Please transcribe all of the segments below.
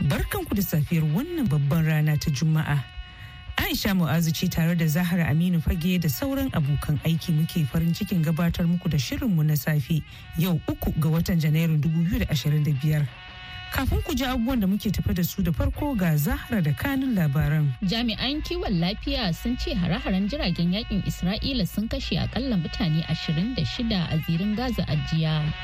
Barkanku da safiyar wannan babban rana ta Juma'a. Aisha Mu'azu ce tare da Zahra Aminu Fage da sauran abokan aiki muke farin cikin gabatar muku da shirinmu na safe yau uku ga watan Janairun 2025. Kafin ku ji abubuwan da muke tafi da su da farko ga Zahra da kanun labaran. Jami'an kiwon lafiya sun ce hare-haren jiragen yakin Isra'ila sun kashe akalla mutane 26 a zirin Gaza a jiya.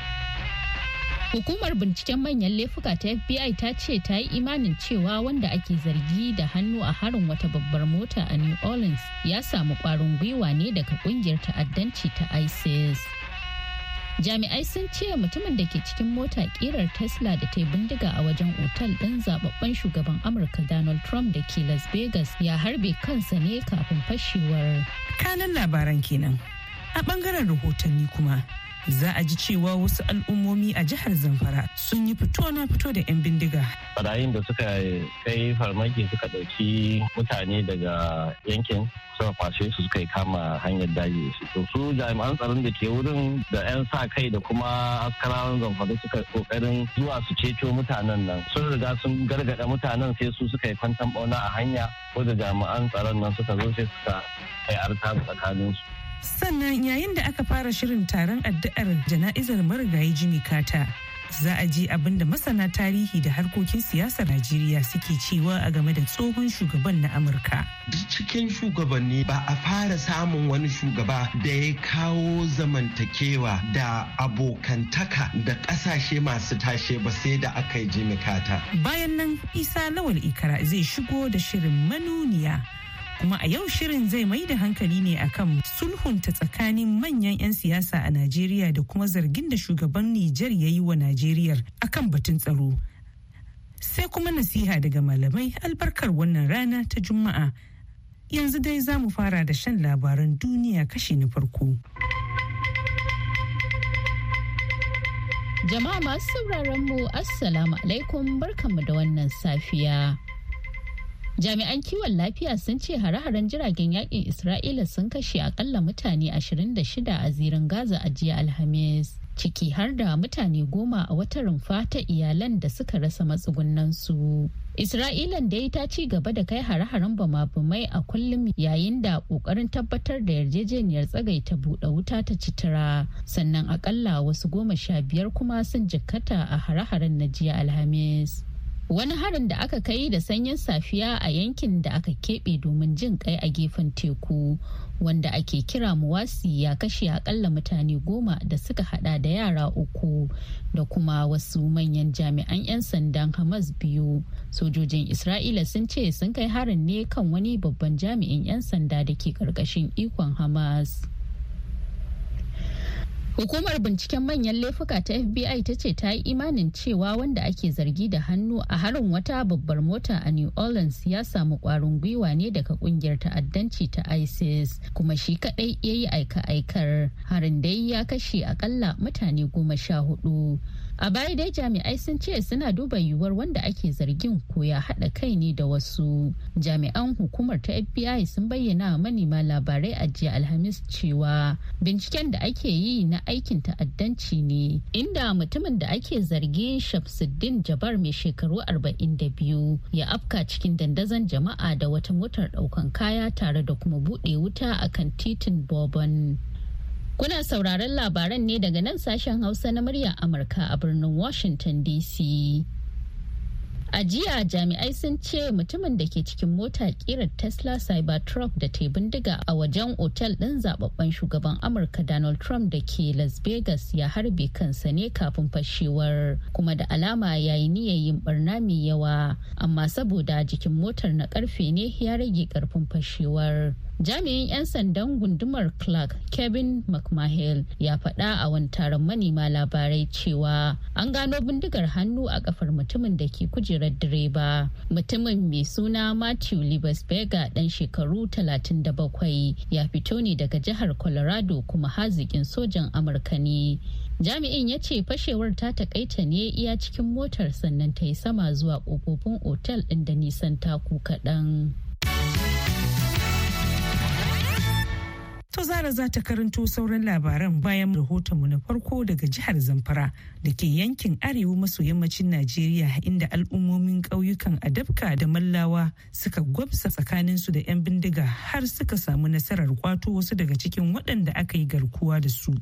Hukumar binciken manyan laifuka ta FBI ta ce ta yi imanin cewa wanda ake zargi da hannu a harin wata babbar mota a New Orleans ya samu kwarin gwiwa ne daga kungiyar ta'addanci ta ISIS. Jami'ai sun ce mutumin da ke cikin mota kirar Tesla da ta yi bindiga a wajen otal ɗin zababben shugaban Amurka Donald Trump da ke Las Vegas ya harbe kansa ne kafin fashewar. Kanan labaran kenan. A bangaren rahotanni kuma, za a ji cewa wasu al'ummomi a jihar zamfara sun yi fito na fito da 'yan bindiga barayin da suka kai farmaki suka ɗauki mutane daga yankin suka kwashe su suka yi kama hanyar daji su to su jami'an tsaron da ke wurin da 'yan sa kai da kuma askarawan zamfara suka kokarin zuwa su ceto mutanen nan sun riga sun gargaɗa mutanen sai su suka yi kwantan bauna a hanya ko da jami'an tsaron nan suka zo sai suka kai arta tsakaninsu sannan yayin da aka fara shirin taron addu'ar jana'izar marigayi jimmy carter za a ji abin da masana tarihi da harkokin siyasar Najeriya suke cewa a game da tsohon shugaban na Amurka. Duk cikin shugabanni ba a fara samun wani shugaba da ya kawo zamantakewa da abokantaka da ƙasashe masu tashe ba sai da aka yi jimikata. Bayan nan Isa Lawal Ikara zai shigo da shirin manuniya. kuma a yau shirin zai mai da hankali ne akan sulhunta tsakanin manyan 'yan siyasa a najeriya da kuma zargin da shugaban nijar ya yi wa najeriyar akan batun tsaro sai kuma nasiha daga malamai albarkar wannan rana ta juma'a yanzu dai za mu fara da shan labaran duniya kashi na farko jama'a masu sauraron mu assalamu alaikum barkanmu da wannan safiya jami'an kiwon lafiya sun ce hare-haren jiragen yakin isra'ila sun kashe akalla mutane 26 a zirin gaza a jiya alhamis ciki har da mutane goma a wata rumfa ta iyalan da suka rasa matsugunansu isra'ilan dai ta ci gaba da kai hare-haren bama a kullum yayin da kokarin tabbatar da yarjejeniyar tsagai ta buɗe wuta ta citira sannan akalla wasu goma sha biyar kuma sun jikkata a hare-haren na jiya alhamis wani harin da aka kai da sanyin safiya a yankin da aka keɓe domin jin kai a gefen teku wanda ake kira muwasi ya kashe akalla mutane goma da suka hada da yara uku da kuma wasu manyan jami'an 'yan sandan hamas biyu sojojin isra'ila sun ce sun kai harin ne kan wani babban jami'in 'yan sanda da ke karkashin ikon hamas Hukumar binciken manyan laifuka ta FBI ta ce ta yi imanin cewa wanda ake zargi da hannu a harin wata babbar mota a New Orleans ya samu kwarin gwiwa ne daga kungiyar ta'addanci ta ISIS kuma shi kadai ya yi aika-aikar harin dai ya kashe akalla mutane goma sha hudu. a baya dai jami'ai sun ce suna duba yiwuwar wanda ake zargin ko ya haɗa kai ne da wasu jami'an hukumar ta fbi sun bayyana manema labarai a jiya alhamis cewa binciken da ake yi na aikin ta'addanci ne inda mutumin da ake zargi shamsuddin jabar mai shekaru 42 ya afka cikin dandazon jama'a da wata motar ɗaukan kaya tare da kuma buɗe wuta akan titin bobon Kuna sauraron labaran ne daga nan sashen Hausa na murya Amurka a birnin Washington DC. A jiya jami'ai sun ce mutumin da ke cikin mota kirar Tesla Cybertruck da ta bindiga a wajen otel ɗin zababben shugaban Amurka Donald Trump da ke Las Vegas ya harbe kansa ne kafin fashewar kuma da alama yayi yi niyayin barna mai yawa amma saboda jikin motar na ƙarfe ne ya rage ƙarfin fashewar. jami'in 'yan sandan gundumar clark kevin mcmahill ya faɗa a wani taron manema labarai cewa an gano bindigar hannu a kafar mutumin da ke kujerar direba mutumin mai suna matthew libesberger dan shekaru 37 ya fito ne daga jihar colorado kuma hazikin sojan amurka ne jami'in ya ce fashewar ta takaita ne iya cikin motar sannan ta yi sama zuwa ƙofofin otel ɗin da nisan taku kaɗan. To Zara za ta karanto sauran labaran bayan rahotonmu na farko daga jihar Zamfara da ke yankin arewa maso yammacin Najeriya inda al'ummomin ƙauyukan Adabka da Mallawa suka gwamsa tsakaninsu da 'yan bindiga har suka samu nasarar kwato wasu daga cikin waɗanda aka yi garkuwa da su.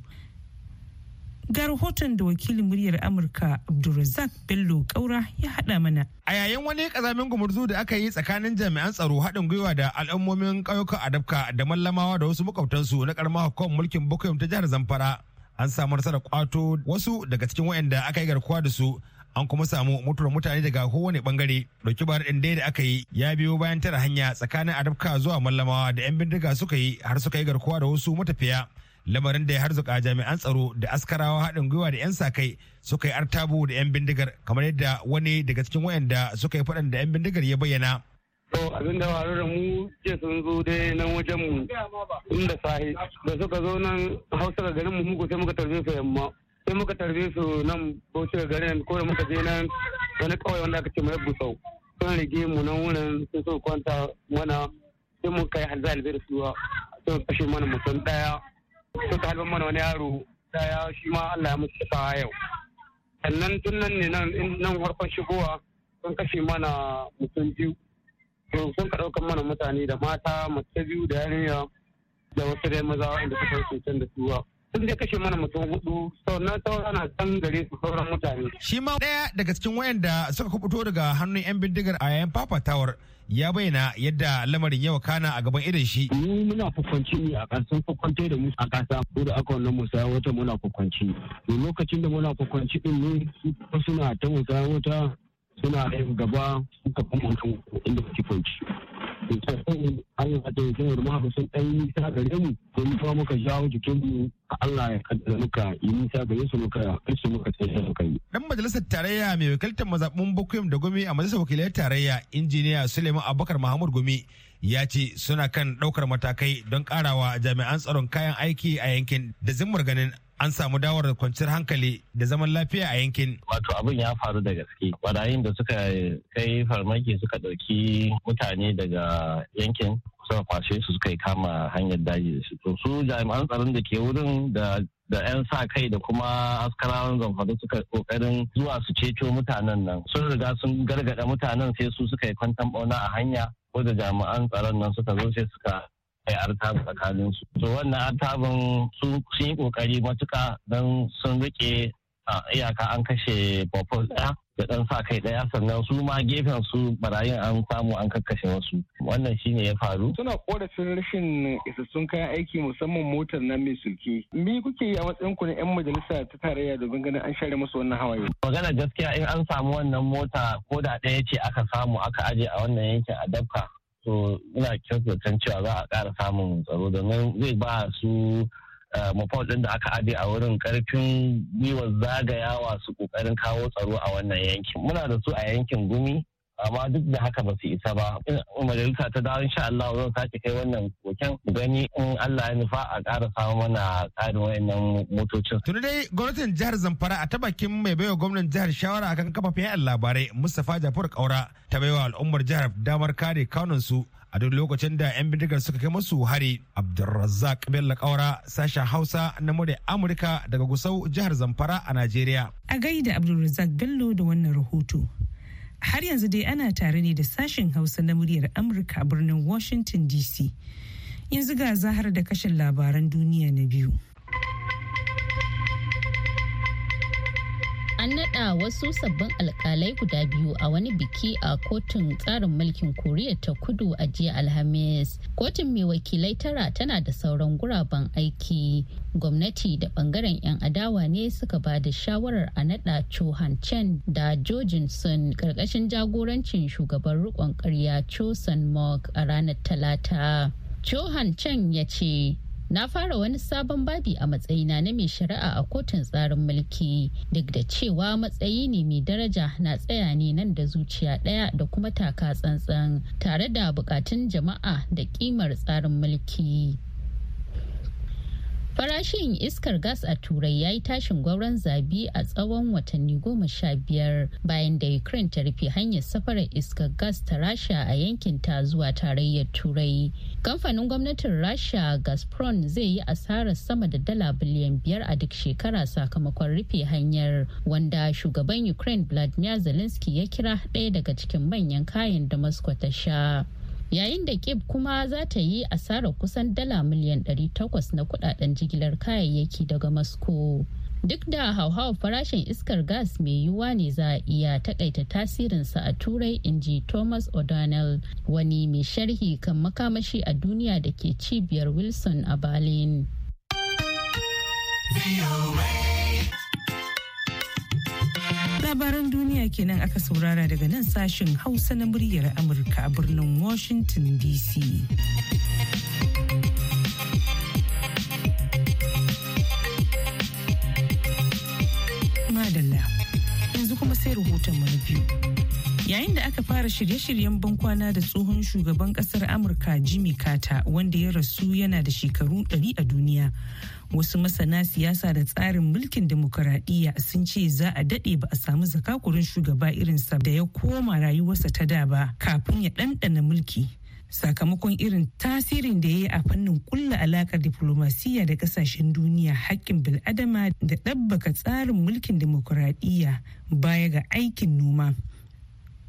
ga rahoton da wakilin muryar amurka abdulrazak bello kaura ya hada mana a yayin wani kazamin gumurzu da aka yi tsakanin jami'an tsaro haɗin gwiwa da al'ummomin a adabka da mallamawa da wasu makwabtansu na karamar hukumar mulkin bukoyim ta jihar zamfara an samu nasarar kwato wasu daga cikin waɗanda aka yi garkuwa da su an kuma samu mutuwar mutane daga kowane bangare dauki ba din da aka yi ya biyo bayan tara hanya tsakanin adabka zuwa mallamawa da yan bindiga suka yi har suka yi garkuwa da wasu matafiya lamarin da ya harzuka jami'an tsaro da askarawa haɗin gwiwa da 'yan sakai suka yi artabu da 'yan bindigar kamar yadda wani daga cikin wayanda suka yi faɗan da 'yan bindigar ya bayyana. to abin da faru da mu je sun zo dai nan wajen mu inda sahi da suka zo nan hausa ga garin mu muku sai muka tarbe su yamma sai muka tarbe su nan bauchi ga garin ko da muka je nan wani kawai wanda aka ce mai sau sun rige mu nan wurin sun so kwanta mana sai muka yi hanzar da su sun kashe mana mutum daya suka halin mana wani yaro daya shi ma Allah ya mutu sa yau sannan tun nan ne nan farkon shigowa sun kashe mana mutum biyu to sun ka ɗaukar mana mutane da mata mace biyu da yarinya da wasu dai maza inda suka yi cutar da suwa. sun zai kashe mana mutum hudu sannan sauran na can gare su sauran mutane. Shi ma ɗaya daga cikin wayanda suka kubuto daga hannun 'yan bindigar a yayin fafatawar ya bayyana yadda lamarin yawa kana a gaban irin shi. Ni muna kwakwanci ne a kasan kwakwante da musa a kasa ko da aka wannan musa wata muna ne Lokacin da muna kwakwanci din ne suna ta musa wata suna yin gaba suka kuma kan inda kake kwanci sai Allah ta yi saboda mahaifa sun ɗan yi nisa gare mu ko yi fa muka jawo jikinmu a Allah ya kaddara muka yi nisa gare su muka su muka sai da muka yi. Dan majalisar tarayya mai wakiltar mazaɓin Bukuyum da Gumi a majalisar wakilai tarayya injiniya Suleiman Abubakar Mahamud Gumi ya ce suna kan ɗaukar matakai don ƙarawa jami'an tsaron kayan aiki a yankin da zimmar ganin an samu dawar da kwanciyar hankali da zaman lafiya a yankin. Wato abin ya faru da gaske. Barayin da suka kai farmaki suka ɗauki mutane daga yankin suka kwashe su suka yi kama hanyar daji da su. To su jami'an tsaron da ke wurin da da 'yan sa kai da kuma askarawan zamfara suka kokarin zuwa su ceto mutanen nan sun riga sun gargada mutanen sai su suka yi kwantan bauna a hanya ko da jami'an tsaron nan suka zo sai suka a yi artabu tsakanin su to wannan artabun sun yi kokari matuka don sun rike iyaka an kashe bafos ɗaya da ɗan sa kai ɗaya sannan su ma gefen su barayin an samu an kakkashe wasu wannan shine ya faru. suna korafin rashin isassun kayan aiki musamman motar nan mai sulki me kuke yi a matsayin ku na yan majalisa ta tarayya domin ganin an share musu wannan hawaye. magana gaskiya in an samu wannan mota ko da ɗaya ce aka samu aka aje a wannan yankin a dabka to ina zaton cewa za a ƙara samun tsaro domin zai ba su eh, mafau ɗin da aka ade a wurin karfin gwiwar zagayawa su ƙoƙarin kawo tsaro a wannan yankin muna da su a yankin gumi amma duk da haka ba su isa ba majalisa ta dawo insha Allah zan sake kai wannan koken gani in Allah ya nufa a ƙara samu mana ƙarin wayannan motocin tuni dai gwamnatin jihar Zamfara a ta bakin mai baiwa gwamnan jihar shawara akan kafafen yaɗa labarai Mustapha Jafar Kaura ta baiwa al'ummar jihar damar kare kanun su a duk lokacin da 'yan bindigar suka kai masu hari abdulrazak bello kaura sashen hausa na murya amurka daga gusau jihar zamfara a najeriya a gaida abdulrazak bello da wannan rahoto har yanzu dai ana tare ne da sashen hausa na muryar amurka a birnin washington dc yanzu ga zahar da kashin labaran duniya na biyu an naɗa wasu sabbin alkalai guda biyu a wani biki a kotun tsarin mulkin koriya ta kudu a jiya alhamis kotun mai wakilai tara tana da sauran guraben aiki gwamnati da bangaren 'yan adawa ne suka ba da shawarar a naɗa chohan chen da jojin sun karkashin jagorancin shugaban rikon karya chosen mok a ranar talata chohan chen ya ce na fara wani sabon babi a matsayina na mai shari'a a kotun tsarin mulki duk da cewa matsayi ne mai daraja na tsaya ne nan da zuciya ɗaya da kuma taka tsantsan tare da bukatun jama'a da kimar tsarin mulki farashin iskar gas a turai ya yi tashin gwauron zabi a tsawon watanni goma sha biyar bayan da ukraine ta rufe hanyar safarar iskar gas ta rasha a yankin ta zuwa tarayyar turai kamfanin gwamnatin rasha gazprom zai yi asarar sama da dala biliyan biyar a duk shekara sakamakon rufe hanyar wanda shugaban ukraine vladimir zelensky ya kira ɗaya daga cikin manyan kayan da moscow ta sha yayin da kip kuma za ta yi asarar kusan dala miliyan 800 na kudaden jigilar kayayyaki daga moscow duk da hauhawar farashin iskar gas mai yiwuwa ne za a iya takaita tasirinsa a turai inji thomas o'donnell wani mai sharhi kan makamashi a duniya da ke cibiyar wilson a berlin. labaran duniya kenan aka saurara daga nan sashen hausa na muryar amurka a birnin washington dc madalla yanzu kuma sai rahoton biyu. yayin da aka fara shirye-shiryen bankwana da tsohon shugaban kasar amurka jimmy carter wanda ya rasu yana da shekaru 100 a duniya wasu masana siyasa da tsarin mulkin demokuraɗiyya sun ce za a daɗe ba a samu zakakurin shugaba irinsa da ya koma rayuwarsa ta da ba kafin ya ɗanɗana mulki sakamakon irin tasirin da ya yi a fannin kulla alakar diflomasiyya da ƙasashen duniya haƙƙin bil'adama da ɗabbaka tsarin mulkin demokuraɗiyya baya ga aikin noma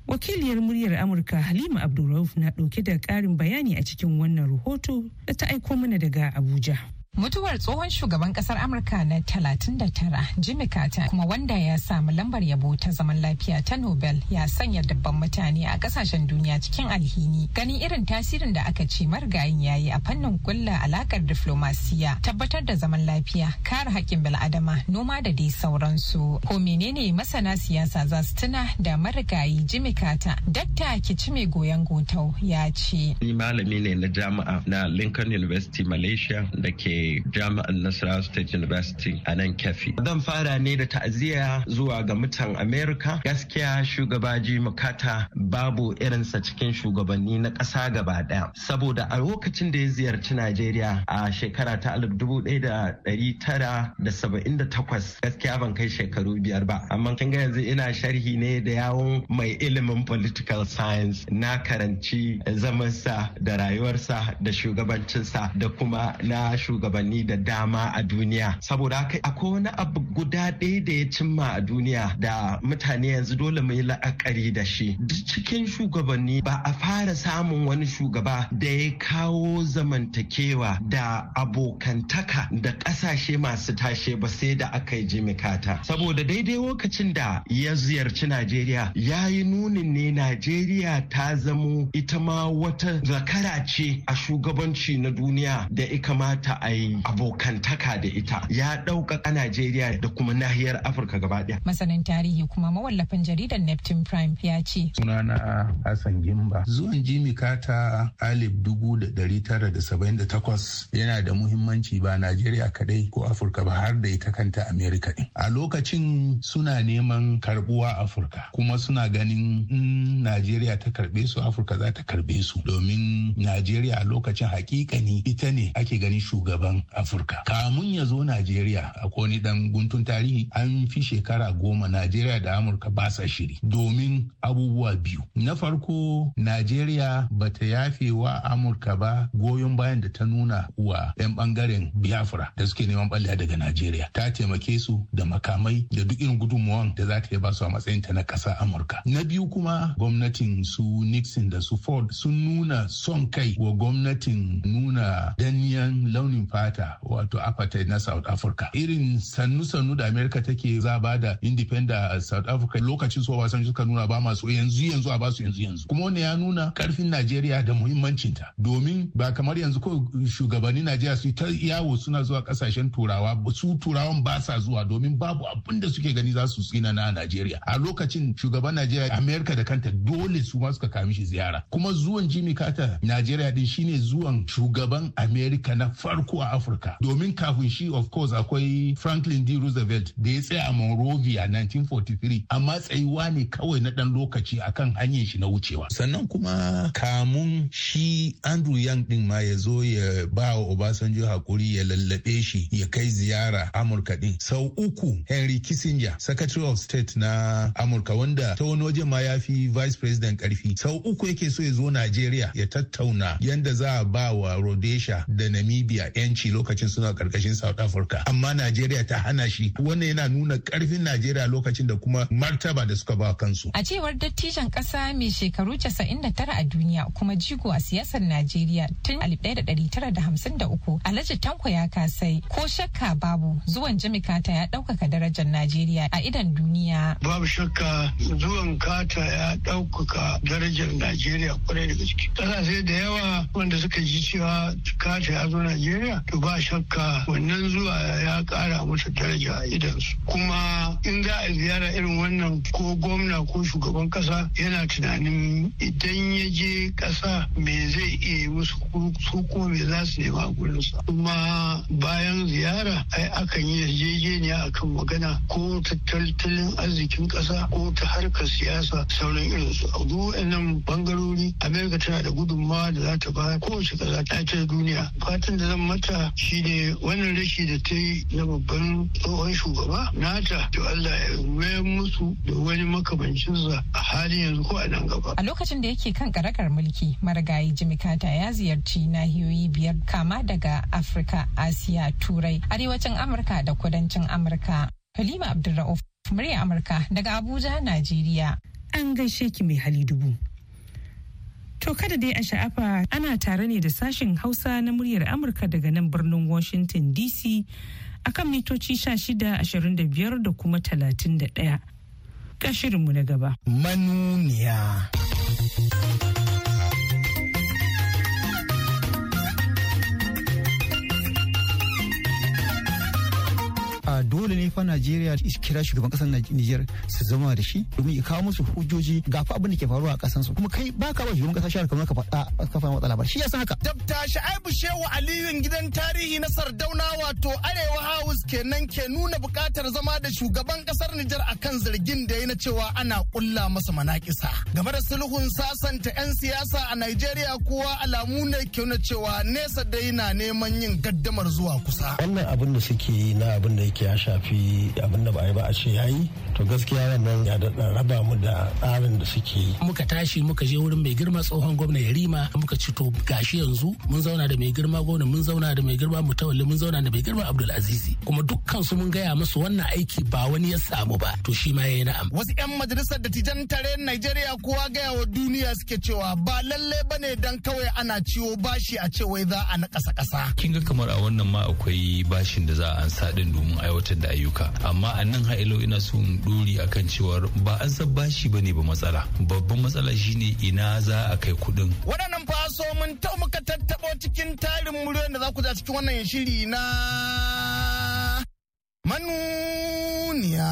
wakiliyar muryar amurka halima abdulrauf na dauke da karin bayani a cikin wannan rahoto da ta aiko mana daga abuja Mutuwar tsohon shugaban kasar Amurka na 39 Jimmy Carter kuma wanda ya samu lambar yabo ta zaman lafiya ta Nobel ya sanya dabban mutane a kasashen duniya cikin alhini. gani irin tasirin da aka ce marigayin yayi a fannin kulla alakar diflomasiya, tabbatar da zaman lafiya, kare haƙƙin bil'adama, noma da dai sauransu. Ko menene masana siyasa za su tuna da marigayi Jimmy Carter? Dakta Kicime Goyon Gotau ya ce. Ni malami ne na jami'a na Lincoln University Malaysia da ke ke jami'ar Nasarawa State University a nan Kefi. Zan fara ne da ta'aziyya zuwa ga mutan Amerika. Gaskiya shugabaji Mukata babu irinsa cikin shugabanni na ƙasa gaba ɗaya. Saboda a lokacin da ya ziyarci Najeriya a shekara ta da da 1978 gaskiya ban kai shekaru biyar ba. Amma kin ga yanzu ina sharhi ne da yawon mai ilimin political science na karanci zamansa da rayuwarsa da shugabancinsa da kuma na shugaban shugabanni da dama a duniya saboda haka akwai wani abu guda ɗaya da ya cimma a duniya da mutane yanzu dole mu yi la'akari da shi duk cikin shugabanni ba a fara samun wani shugaba da ya kawo zamantakewa da abokantaka da ƙasashe masu tashe ba sai da aka yi jimikata saboda daidai lokacin da ya ziyarci najeriya ya yi nunin ne najeriya ta zamo ita ma wata zakara ce a shugabanci na duniya da ya kamata a yi abokantaka da ita ya ɗaukaka Najeriya da kuma nahiyar Afirka gaba ɗaya. Masanin tarihi kuma mawallafin jaridar Neptune Prime ya ce. Sunana Hassan Gimba. Zuwan Jimmy Carter alif dubu da ɗari tara da saba'in da takwas yana da muhimmanci ba Najeriya kaɗai ko Afirka ba har da ita kanta Amerika ɗin. A lokacin suna neman karɓuwa Afirka kuma suna ganin in Najeriya ta karɓe su Afirka za ta karɓe su domin Najeriya a lokacin hakika ne ita ne ake ganin shugaba shugaban Afirka. Kamun ya zo Najeriya a koni dan guntun tarihi an fi shekara goma Najeriya da Amurka ba sa shiri domin abubuwa biyu. Na farko Najeriya ba ta yafe wa Amurka ba goyon bayan da ta nuna wa 'yan bangaren Biafra da suke neman ɓalla daga Najeriya. Ta taimake su da makamai da duk irin gudunmuwan da za ta yi ba su a matsayin ta na ƙasa Amurka. Na biyu kuma gwamnatin su Nixon da su Ford sun nuna son kai wa gwamnatin nuna danniyan launin fa fata wato apartheid na South Africa. Irin sannu-sannu da America take za ba da independent South Africa lokacin so wasan suka nuna ba masu yanzu yanzu a ba su yanzu yanzu. Kuma wannan ya nuna karfin Najeriya da muhimmancinta domin ba kamar yanzu ko shugabannin Najeriya su ta yawo suna zuwa kasashen turawa su turawan ba sa zuwa domin babu abin da suke gani za su tsina na Najeriya. A lokacin shugaban Najeriya America da kanta dole su ma suka kami shi ziyara. Kuma zuwan Jimmy Carter Najeriya din shine zuwan shugaban America na farko a Afirka. Domin kafin shi of course akwai Franklin D. Roosevelt da ya tsaya a Monrovia 1943 amma tsayuwa ne kawai na ɗan lokaci akan hanyar shi na wucewa. Sannan kuma kamun shi Andrew Yang din ma ya zo ya ba wa Obasanjo hakuri ya lallaɓe shi ya kai ziyara Amurka din. Sau uku Henry Kissinger, Secretary of State na Amurka wanda ta wani waje ma ya fi Vice President ƙarfi. Sau uku yake so ya zo Najeriya ya tattauna yanda za a ba wa Rhodesia da Namibia 'yanci yanci lokacin suna karkashin South Africa amma Najeriya ta hana shi wannan yana nuna karfin Najeriya lokacin da kuma martaba da suka ba kansu. A cewar dattijan kasa mai shekaru 99 a duniya kuma jigo a siyasar Najeriya tun 1953 Alhaji Tanko ya kasai ko shakka babu zuwan Jimmy ta ya ɗaukaka darajar Najeriya a idan duniya. Babu shakka zuwan kata ya ɗaukaka darajar Najeriya kwarai da gaske. kasashe da yawa wanda suka ji cewa kata ya zo Najeriya to ba shakka wannan zuwa ya kara musu daraja a idansu kuma in za a ziyara irin wannan ko gwamna ko shugaban kasa yana tunanin idan ya je kasa me zai iya yi musu su ko me za su nema gurin gurinsa kuma bayan ziyara ai akan yi yarjejeniya akan magana ko tattalin arzikin kasa ko ta harkar siyasa sauran irin su. a nan bangarori amerika tana da gudunmawa da za ta ba kowace kasa ta duniya fatan da zan mata shi shine wannan rashi da ta yi na babban tsohon shugaba nata to Allah ya mayar musu da wani makamancinsa a halin yanzu ko a nan gaba. A lokacin da yake kan karakar mulki marigayi Jimmy Carter ya ziyarci nahiyoyi biyar kama daga Afirka, Asiya, Turai, Arewacin Amurka da Kudancin Amurka. Halima Abdulra'uf, murya Amurka daga Abuja, Najeriya. An gaishe ki mai hali dubu. To kada dai a sha'afa ana tare ne da sashen Hausa na muryar Amurka daga nan birnin Washington DC akan mitoci 1625 da kuma 31. Ga shirinmu na gaba. Manuniya. a dole ne fa Najeriya kira shugaban kasar Nijar su zama da shi domin ya kawo musu hujjoji ga fa abin da ke faruwa a kasar su kuma kai ka ba shugaban kasar shi kamar ka faɗa ka fara matsala ba shi ya san haka dabta Shaibu Shehu Aliyu gidan tarihi na Sardauna wato Arewa House kenan ke nuna buƙatar zama da shugaban kasar Nijar akan zargin da ya na cewa ana kulla masa manakisa game da sulhun sasanta 'yan siyasa a Najeriya kuwa alamu ne ke nuna cewa nesa dai na neman yin gaddamar zuwa kusa wannan abin da suke yi na abin da yake yake ya shafi abin da ba a ce yayi to gaskiya wannan ya da raba mu da tsarin da suke yi. Muka tashi muka je wurin mai girma tsohon gwamna Yarima muka ci to gashi yanzu mun zauna da mai girma gwamna mun zauna da mai girma mutawalli mun zauna da mai girma Abdul Azizi kuma dukkan su mun gaya musu wannan aiki ba wani ya samu ba to shi ma yayi na'am. Wasu 'yan majalisar dattijan tare Najeriya kowa gaya wa duniya suke cewa ba lalle bane dan kawai ana ciwo bashi a ce wai za a na ƙasa ƙasa. Kin ga kamar a wannan ma akwai bashin da za a ansa din domin a aiwatar da ayyuka amma a nan ha'ilo ina son in a kan cewar ba an san bashi ba ne ba matsala babban matsala shine ina za a kai kuɗin waɗannan faso mun tau muka tattaɓo cikin tarin muryoyin da za ku za cikin wannan shiri na manuniya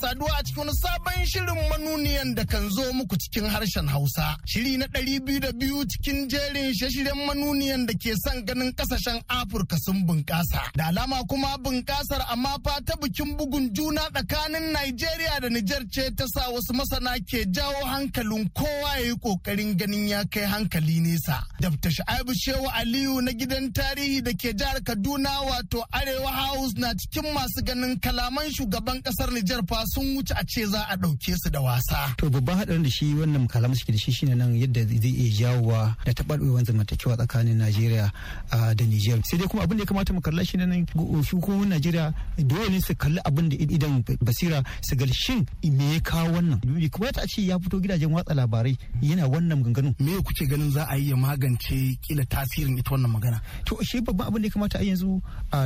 saduwa a cikin sabon shirin manuniyan da kan zo muku cikin harshen Hausa. Shiri na ɗari biyu da biyu cikin jerin shashiren manuniyan da ke son ganin ƙasashen Afirka sun bunƙasa. Da alama kuma bunƙasar amma fa ta bikin bugun juna tsakanin Najeriya da Nijar ce ta sa wasu masana ke jawo hankalin kowa ya yi ƙoƙarin ganin ya kai hankali nesa. Dabta Sha'ibu Shehu Aliyu na gidan tarihi da ke jihar Kaduna wato Arewa House na cikin masu ganin kalaman shugaban ƙasar Nijar fa sun wuce a ce za a ɗauke su da wasa. To babban haɗarin da shi wannan kalam suke da shi shine nan yadda zai iya jawowa da taɓarɓewar zamantakewa tsakanin Najeriya da Nijar. Sai dai kuma abin da ya kamata mu kalla shi nan hukumomin Najeriya dole ne su kalli abin da idan basira su ga shin me ya kawo wannan. Kuma ta ce ya fito gidajen watsa labarai yana wannan ganganu. Me kuke ganin za a yi ya magance kila tasirin ita wannan magana? To shi babban abin da ya kamata a yanzu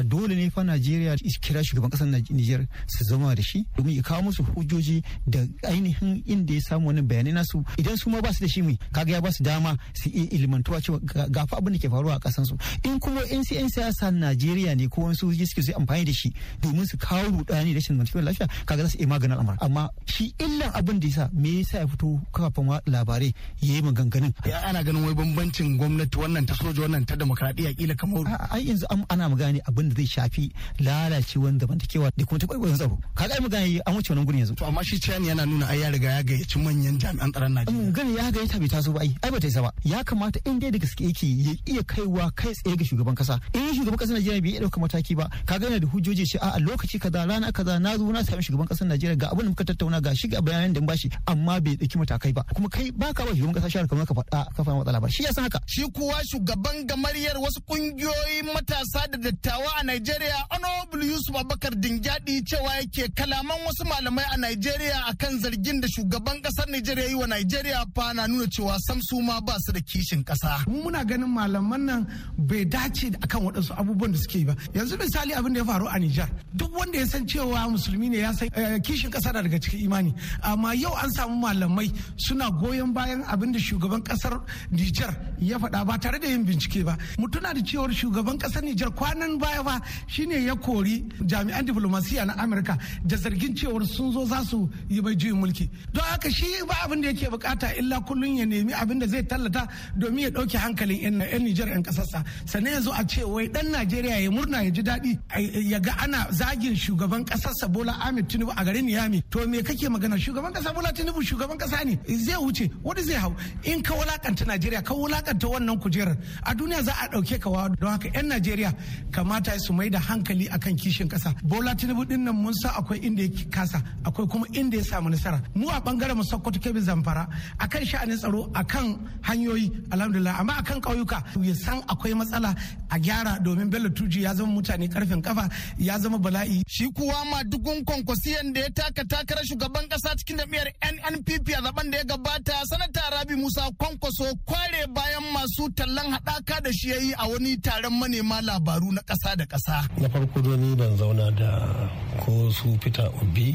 dole ne fa Najeriya kira shugaban ƙasar Nijar su zama da shi domin ya kawo musu hujjoji da ainihin inda ya samu wani bayanai nasu idan su ma ba su da shi mai kaga ya ba su dama su yi ilmantuwa cewa ga fa abin da ke faruwa a kasan su in kuma in sai yan siyasa Najeriya ne ko wasu suke amfani da shi domin su kawo rudani da shin mutum lafiya kaga za su yi maganin al'amari amma shi illan abin da yasa me yasa ya fito kafin labarai yayi maganganun ana ganin wai bambancin gwamnati wannan ta soja wannan ta demokradiya kila kamar ai yanzu ana magana ne abin da zai shafi lalacewan zamantakewa da kuma tabbatar tsaro kaga ai magana an wuce wannan gurin yanzu to amma shi Chani yana nuna ai ya riga ya gayyaci manyan jami'an tsaron Najeriya mm, gani ya gayyata bai taso ba ai ai ba ta isa ba ya kamata in dai da gaske yake ya iya kaiwa kai tsaye ga shugaban kasa in shugaban kasar Najeriya bai iya dauka mataki ba ka gane da hujjoji shi a lokaci kaza rana kaza na zo na sami shugaban kasar Najeriya ga abin da muka tattauna ga shi ga bayanan da bashi amma bai dauki matakai ba kuma kai baka ba shugaban kasa shawara kamar ka faɗa ka fara matsala ba shi san haka shi kuwa shugaban gamaryar wasu kungiyoyi matasa da dattawa a Najeriya Honorable Yusuf Abubakar Dingyadi cewa yake kalaman wasu malamai a Najeriya akan zargin da shugaban kasar Najeriya yi wa Najeriya fa na nuna cewa samsu ma ba su da kishin kasa. Muna ganin malaman nan bai dace akan waɗansu abubuwan da suke yi ba. Yanzu misali abin da ya faru a Nijar. Duk wanda ya san cewa musulmi ne ya san eh, kishin kasa na daga cikin imani. Amma yau an samu malamai suna goyon bayan abin da shugaban kasar Nijar ya faɗa ba tare da yin bincike ba. Mutuna da cewar shugaban kasar Nijar kwanan baya ba shine ya kori jami'an diplomasiya na Amurka da zargin cewa cewar sun zo za su yi bai juyin mulki don haka shi ba abin da yake bukata illa kullum ya nemi abin da zai tallata domin ya dauke hankalin yan Nijar yan kasarsa sannan ya zo a ce wai dan Najeriya ya murna ya ji daɗi ya ga ana zagin shugaban kasarsa Bola Ahmed Tinubu a garin Niyami to me kake magana shugaban kasa Bola Tinubu shugaban kasa ne zai wuce wani zai hau in ka wulakanta Najeriya ka wulakanta wannan kujerar a duniya za a dauke ka wawa don haka yan Najeriya kamata su mai da hankali akan kishin kasa Bola Tinubu din nan mun sa akwai inda yake nasa akwai kuma inda ya samu nasara mu a bangaren mu sokoto kebe zamfara akan sha'anin tsaro akan hanyoyi alhamdulillah amma akan kauyuka. ya san akwai matsala a gyara domin bello tuji ya zama mutane karfin kafa ya zama bala'i shi kuwa ma dugun kwankwasiyan da ya taka takarar shugaban kasa cikin jam'iyyar nnpp a zaben da ya gabata sanata rabi musa kwankwaso kware bayan masu tallan haɗaka da shi yayi a wani taron manema labaru na kasa da kasa. na farko dai ban zauna da ko su fita ubi.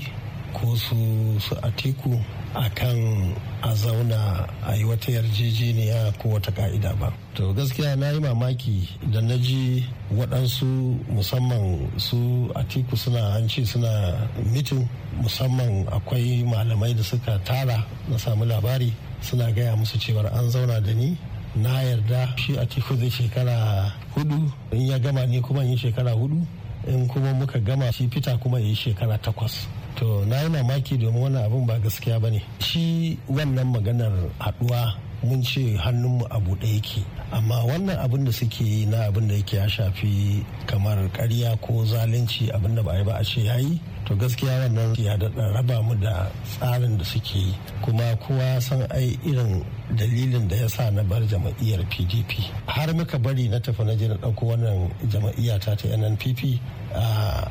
ko su su atiku a kan a zauna a yi wata yarjejeniya ko wata ka'ida ba to gaskiya na yi mamaki da na ji waɗansu musamman su atiku suna hanci suna mitin musamman akwai malamai da suka tara na samu labari suna gaya musu cewar an zauna da ni na yarda shi atiku zai shekara hudu in ya gama ni kuma in shekara hudu in kuma muka gama shi fita kuma yi shekara takwas to na yi mamaki domin wannan abin ba gaskiya ba ne shi wannan maganar haduwa mun ce hannunmu a buɗe yake amma wannan abin da suke yi na abin da yake ya shafi kamar karya ko zalunci abin da ba yi ba a ce yayi to gaskiya wannan ya daɗa raba mu da tsarin da suke yi kuma kowa san ai irin dalilin da ya sa na bar jama'iyyar pdp har muka bari na tafi na jiran ɗauko wannan jama'iyya ta ta nnpp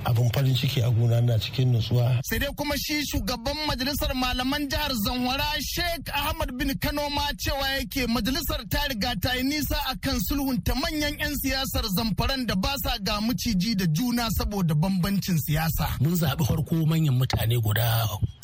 abin farin ciki a gona na cikin nutsuwa. sai dai kuma shi shugaban majalisar malaman jihar zamfara sheikh ahmad bin kano ma cewa yake majalisar ta riga ta yi nisa kan sulhunta manyan 'yan siyasar zamfaran da ba sa ga miciji da juna saboda bambancin siyasa mun zaɓi farko manyan mutane guda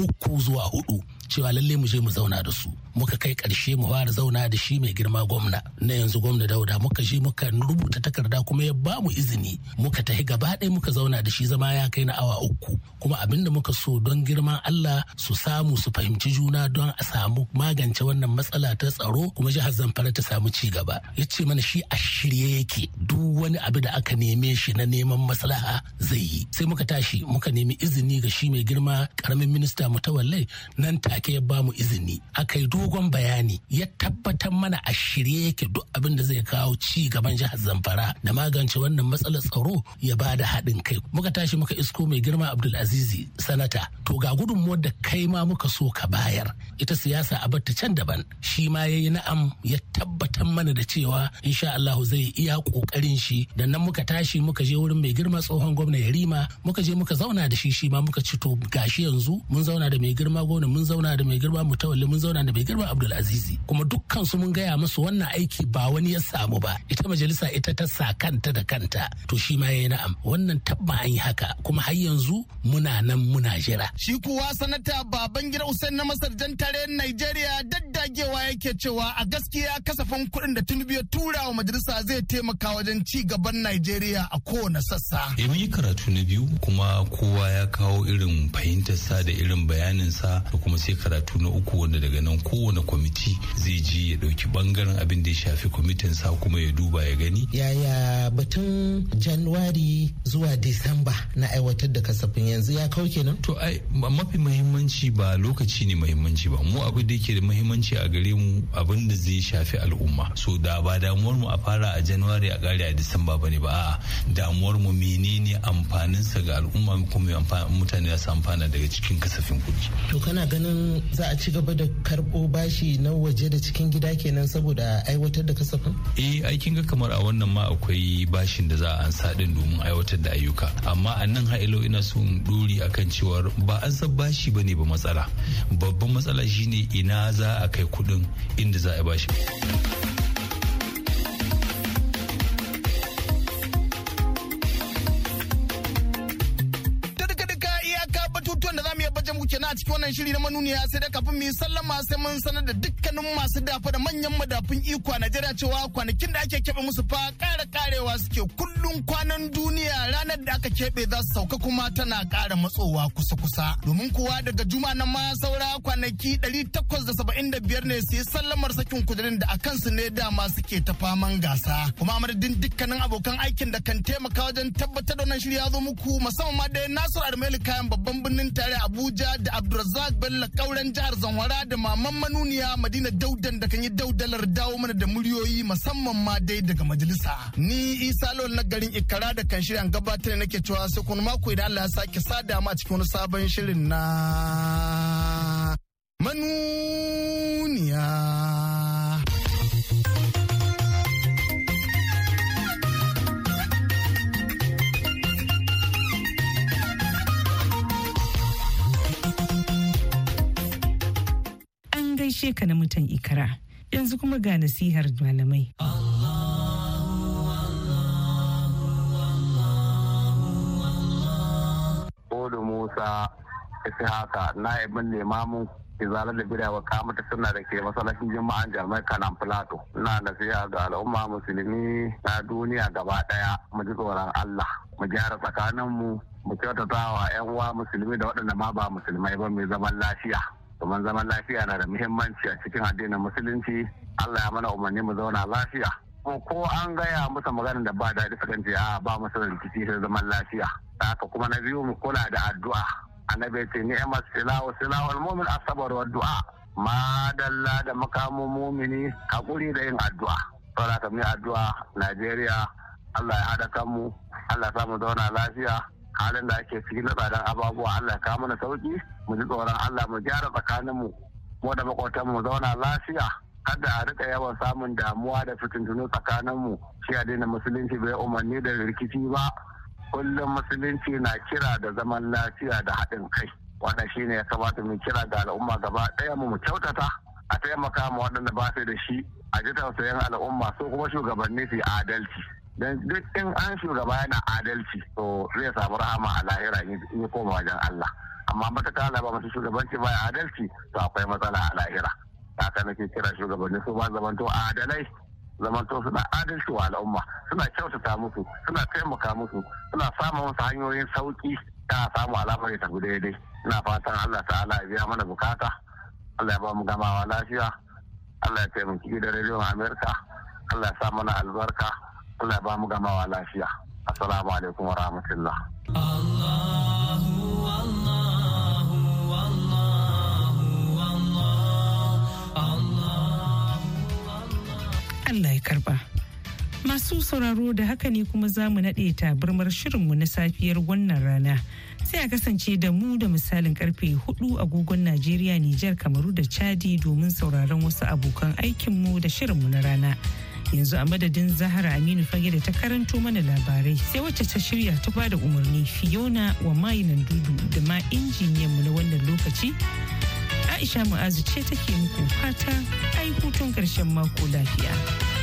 uku zuwa hudu cewa lalle mu je mu zauna da su muka kai karshe mu fara zauna da shi mai girma gwamna na yanzu gwamna dauda muka je muka rubuta takarda kuma ya ba mu izini muka tafi gaba ɗaya muka zauna da shi zama ya kai na awa uku kuma abin da muka so don girman Allah su samu su fahimci juna don a samu magance wannan matsala ta tsaro kuma jihar Zamfara ta samu ci gaba ya ce mana shi a shirye yake duk wani abu da aka neme shi na neman maslaha zai yi sai muka tashi muka nemi izini ga shi mai girma karamin minista mutawallai nan take aka ya bamu izini aka yi dogon bayani ya tabbatar mana a shirye yake duk abin da zai kawo ci gaban jihar zamfara da magance wannan matsalar tsaro ya ba da haɗin kai muka tashi muka isko mai girma Abdul abdulazizi sanata to ga gudunmuwar da kai ma muka so ka bayar ita siyasa a batta can daban shi ma ya yi na'am ya tabbatar mana da cewa insha Allah zai iya kokarin shi da nan muka tashi muka je wurin mai girma tsohon gwamna yarima muka je muka zauna da shi shi ma muka ci to gashi yanzu mun zauna da mai girma gwamna mun zauna zauna da mai girma mutawalli mun zauna da mai girma abdul kuma dukkan su mun gaya musu wannan aiki ba wani ya samu ba ita majalisa ita ta sa kanta da kanta to shi ma yayi na'am wannan tabba an yi haka kuma har yanzu muna nan muna jira shi kuwa sanata baban gida usain na masar jan tare Najeriya daddagewa yake cewa a gaskiya kasafin kuɗin da Tinubu ya tura wa majalisa zai taimaka wajen ci gaban Najeriya a kowane sassa eh mun yi karatu na biyu kuma kowa ya kawo irin fahimtar sa da irin bayanin sa da kuma sai karatu na uku wanda daga nan kowane kwamiti zai je ya ɗauki bangaren abin da ya shafi kwamitin sa kuma ya duba ya gani. Yaya batun Januwari zuwa Disamba na aiwatar da kasafin yanzu ya kau kenan? To ai mafi mahimmanci ba lokaci ne mahimmanci ba mu abu da yake da mahimmanci a gare mu abin da zai shafi al'umma. So da ba damuwar mu a fara a Januwari a kare a Disamba bane ba a damuwar mu menene sa ga al'umma kuma mutane za su amfana daga cikin kasafin kuɗi. To kana ganin za a ci gaba da karɓo bashi na waje da cikin gida kenan saboda aiwatar da kasafin? Eh aikin ga kamar a wannan ma akwai bashin da za a ansa din domin aiwatar da ayyuka amma a nan ha'ilo ina so in a kan cewa ba an san bashi ba ne ba matsala babban matsala shine ina za a kai kuɗin inda za a bashi. cikin wannan shiri na manuniya sai da kafin mu sallama sai mun sanar da dukkanin masu dafa da manyan madafun iko a Najeriya cewa kwanakin da ake keɓe musu fa ƙara ƙarewa suke kullum kwanan duniya ranar da aka keɓe za su sauka kuma tana ƙara matsowa kusa-kusa. Domin kuwa daga juma na ma saura kwanaki 875 ne su yi sallamar sakin kudirin da a kansu ne dama suke ta faman gasa kuma amadadin dukkanin abokan aikin da kan taimaka wajen tabbatar da wannan shirya ya zo muku musamman ma dai Nasir armeli kayan babban birnin tare Abuja da Abdulrazak Bello kauren jihar Zamfara da maman manuniya Madina Daudan da kan yi daudalar dawo mana da muryoyi musamman ma dai daga majalisa ni Isa Lol na garin Ikara da kan shirya gabatar nake cewa sai kun mako idan Allah ya sake sada a cikin wani sabon shirin na manuniya. An gaishe ka na mutan ikara, yanzu kuma ga nasihar malamai. Musa haka, na ibin limamin izalar da wa kama ta suna da ke masallacin jima'an jami'ar kanan plato ina nasiha ga al'umma musulmi na duniya gaba daya mu ji tsoron allah mu gyara tsakanin mu mu kyautata wa 'yan uwa musulmi da waɗanda ma ba musulmai ba mai zaman lafiya domin zaman lafiya na da muhimmanci a cikin addinin musulunci allah ya mana umarni mu zauna lafiya ko an gaya musu maganar da ba daɗi sukan a ba musu rikici zaman lafiya haka kuma na biyu mu kula da addu'a annabi ce ni'mat silahu silawo almomin asabar wa du'a madalla da makamin mumini hakuri da yin addu'a saboda kamar addu'a Najeriya Allah ya haɗa kanmu Allah ya samu zauna lafiya halin da ake ciki na tsadan ababuwa Allah ya kawo mana sauki mu ji tsoron Allah mu gyara tsakaninmu mu da makwatan mu zauna lafiya kada a rika yawan samun damuwa da fitintunu tsakanin mu shi daina musulunci bai umarni da rikici ba kullum musulunci na kira da zaman lafiya da haɗin kai wannan shine ya kamata mu kira ga al'umma gaba ɗaya mu kyautata a taimaka mu waɗanda ba su da shi a ji tausayin al'umma so kuma shugabanni su adalci don duk in an shugaba yana adalci to zai samu rahama a lahira in yi koma wajen Allah amma mataka Allah ba masu shugabanci ba adalci to akwai matsala a lahira haka nake kira shugabanni su ba zamanto adalai zamanto suna adalci wa al'umma suna kyautata musu suna taimaka musu suna samun wasu hanyoyin sauki ta samu alamar ta tafi daidai ina fatan Allah ta'ala ya biya mana bukata Allah ya ba mu gamawa lafiya Allah ya taimaki gidan rediyon Amerika Allah ya sa mana albarka Allah ya ba mu gamawa lafiya assalamu alaikum wa rahmatullah Allah ya karba. Masu sauraro da haka ne kuma za mu naɗe tabarmar shirinmu na safiyar wannan rana. Sai a kasance da mu da misalin karfe hudu agogon Najeriya, Nijar, Kamaru da Chadi domin sauraron wasu abokan aikinmu da shirinmu na rana. Yanzu a madadin Zahara Aminu fage da ta karanto mana labarai sai wacce ta shirya ta bada umarni Fiona wa mayinan dudu da ma injiniyanmu na wannan lokaci. Aisha Mu'azu ce take muku fata ai hutun ƙarshen mako lafiya.